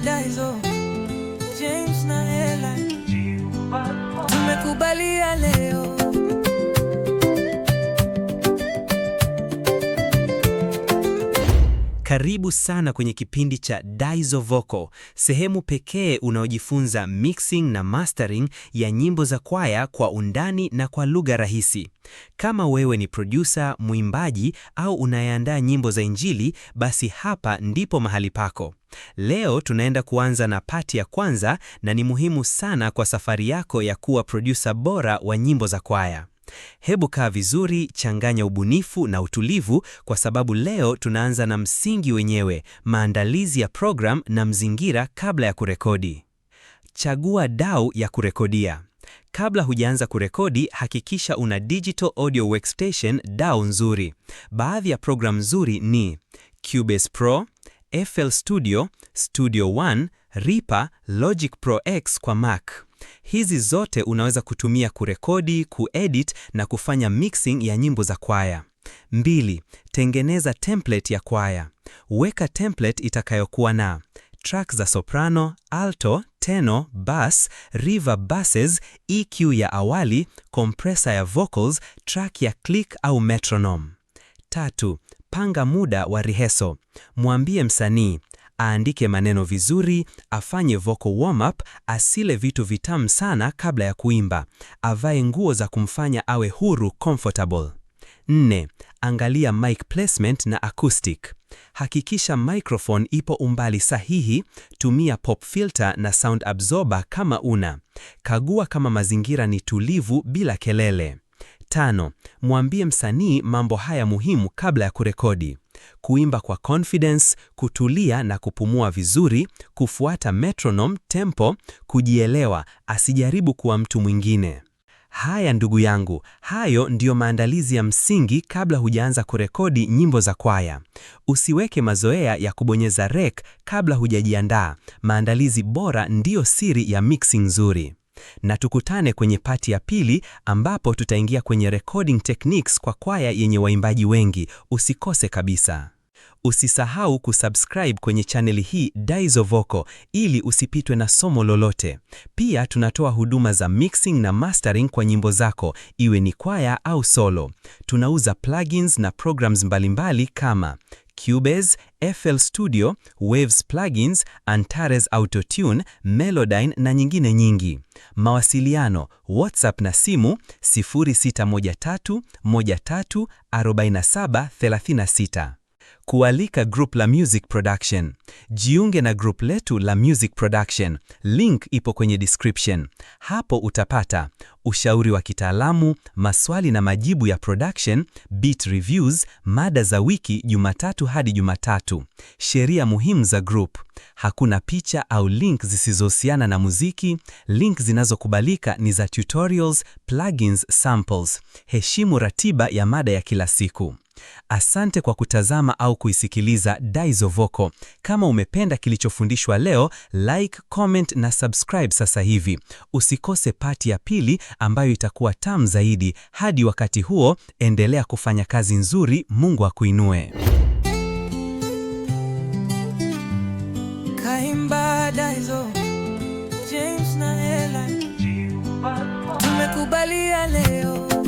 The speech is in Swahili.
Daizo, James na Ela, tumekubalia leo Karibu sana kwenye kipindi cha Daizo Vocal, sehemu pekee unaojifunza mixing na mastering ya nyimbo za kwaya kwa undani na kwa lugha rahisi. Kama wewe ni producer, mwimbaji au unayeandaa nyimbo za Injili, basi hapa ndipo mahali pako. Leo tunaenda kuanza na pati ya kwanza na ni muhimu sana kwa safari yako ya kuwa producer bora wa nyimbo za kwaya. Hebu kaa vizuri, changanya ubunifu na utulivu kwa sababu leo tunaanza na msingi wenyewe, maandalizi ya program na mzingira kabla ya kurekodi. Chagua dau ya kurekodia. Kabla hujaanza kurekodi, hakikisha una digital audio workstation dau nzuri. Baadhi ya program nzuri ni Cubase Pro, FL Studio, Studio One, Reaper, Logic Pro X kwa Mac. Hizi zote unaweza kutumia kurekodi, kuedit na kufanya mixing ya nyimbo za kwaya. Mbili, tengeneza template ya kwaya. Weka template itakayokuwa na track za soprano, alto, tenor, bass, reverb basses, EQ ya awali, compressor ya vocals, track ya click au metronome. Tatu, Panga muda wa riheso Mwambie msanii aandike maneno vizuri, afanye vocal warm up, asile vitu vitamu sana kabla ya kuimba, avae nguo za kumfanya awe huru comfortable. Nne, angalia mic placement na acoustic. Hakikisha microphone ipo umbali sahihi, tumia pop filter na sound absorber kama una. Kagua kama mazingira ni tulivu bila kelele. Tano, mwambie msanii mambo haya muhimu kabla ya kurekodi: kuimba kwa confidence, kutulia na kupumua vizuri, kufuata metronome tempo, kujielewa, asijaribu kuwa mtu mwingine. Haya ndugu yangu, hayo ndiyo maandalizi ya msingi kabla hujaanza kurekodi nyimbo za kwaya. Usiweke mazoea ya kubonyeza rec kabla hujajiandaa. Maandalizi bora ndiyo siri ya mixing nzuri na tukutane kwenye pati ya pili ambapo tutaingia kwenye recording techniques kwa kwaya yenye waimbaji wengi. Usikose kabisa. Usisahau kusubscribe kwenye chaneli hii Daizo Vocal ili usipitwe na somo lolote. Pia tunatoa huduma za mixing na mastering kwa nyimbo zako, iwe ni kwaya au solo. Tunauza plugins na programs mbalimbali kama Cubase, FL Studio, Waves plugins, Antares Autotune, Melodyne na nyingine nyingi. Mawasiliano: WhatsApp na simu 0613 13 47 36 kualika group la music production. Jiunge na group letu la music production, link ipo kwenye description. Hapo utapata ushauri wa kitaalamu, maswali na majibu ya production, beat reviews, mada za wiki Jumatatu hadi Jumatatu, sheria muhimu za group, hakuna picha au link zisizohusiana na muziki, link zinazokubalika ni za tutorials, plugins, samples. Heshimu ratiba ya mada ya kila siku. Asante kwa kutazama au kuisikiliza Daizo Vocal. Kama umependa kilichofundishwa leo, like, comment na subscribe sasa hivi. Usikose pati ya pili ambayo itakuwa tamu zaidi. Hadi wakati huo, endelea kufanya kazi nzuri. Mungu akuinue. Kaimba Daizo, James na Tumekubalia leo.